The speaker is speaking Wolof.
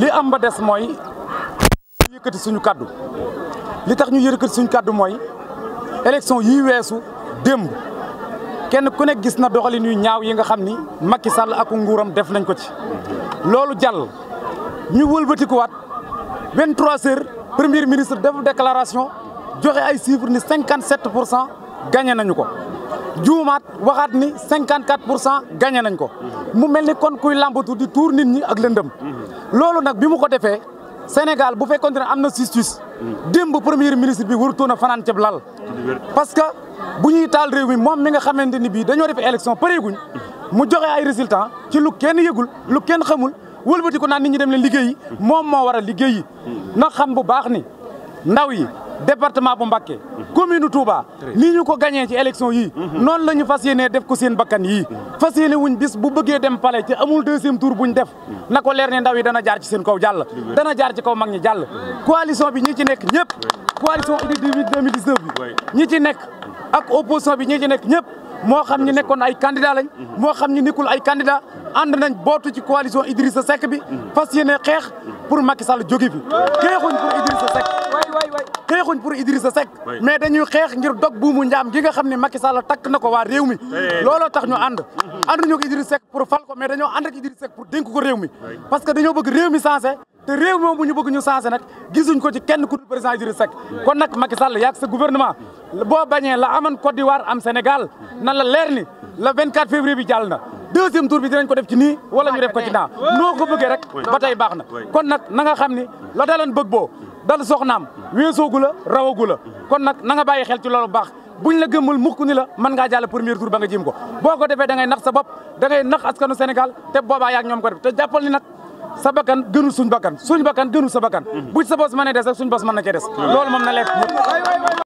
li am ba des mooy ñu yëkkati suñu kàddu li tax ñu yëkkati suñu kàddu mooy élection yii weesu démb kenn ku nekk gis na doxalin yu ñaaw yi nga xam ni makki sàll ak nguuram def nañ ko ci. loolu jàll ñu wëlbatikuwaat 23 heures premier ministre def déclaration joxe ay chiffres ni 57 pour cent gagné nañu ko. juumaat waxaat ni 54 pour cent gagné nañ ko mu mel ni kon kuy làmbatu di tuur nit ñi ak lëndëm loolu nag bi mu ko defee Sénégal bu fekkoon ne am na justice démb premier ministre bi warutoon a fanaan cëb lal parce que bu ñuy taal réew mi moom mi nga xamante ni bii dañoo def élection pareeguñ mu joxe ay résultats ci lu kenn yëgul lu kenn xamul wëlbati ko naan nit ñi dem leen liggéeyi moom moo war a liggéeyi na xam bu baax ni ndaw yi département bu Mbacké commune Touba nii ñu ko gañee ci élection yii noonu la ñu fas yéenee def ko seen bakkan yii fas yéene wuñ bis bu bëggee dem palais ci amul deuxième tour buñ def na ko leer ne ndaw dana jaar ci seen kaw jàll dana jaar ci kaw mag ñi jàll coalition bi ñi ci nekk ñëpp coalition Idy 2019 bi ñi ci nekk ak opposition bi ñi ci nekk ñëpp moo xam ñu nekkoon ay candidat lañ mhm. moo xam ñu nekkul ay candidat ànd nañ bootu ci coalition Idrissa Seck bi mhm. fas yéene xeex pour Macky Sall jóge fi xeexuñ xeexuñ pour Idrissa Seck mais dañuy xeex ngir dog buumu njaam gi nga xam ne Macky Sall takk na ko waa réew mi looloo tax ñu ànd ànduñu ko Idrissa Seck pour fal ko mais dañoo ànd ak Idrissa Seck pour dénk ko réew mi parce que dañoo bëgg réew mi sensé te réew moom bu ñu bëgg ñu sensé nag gisuñ ko ci kenn ku dul président Idrissa Seck kon nag Macky Sall yaag sa gouvernement boo bañee la amoon Côte d'Ivoire am Sénégal na la leer ni le 24 février bi jàll na deuxième tour bi dinañ ko def ci nii wala ñu def ko ci naa noo ko bëggee rek ba tey na kon nag na nga xam ni la dalan bëgg boo dal soxnaam weesoogu la rawagu la kon nag na nga bàyyi xel ci loolu baax buñ la gëmul mukk ni la mën ngaa jàll premier tour ba nga jim ko boo ko defee da ngay nax sa bopp da ngay nax askanu Sénégal te boobaa yaag ñoom ko def te jàppal ni nag sa bakkan gënul suñ bakkan suñ bakkan gënul sa bakan mm-hmm. bu sa bos mën a des rek suñ bos mën na cee des mm-hmm. loolu moom na lekk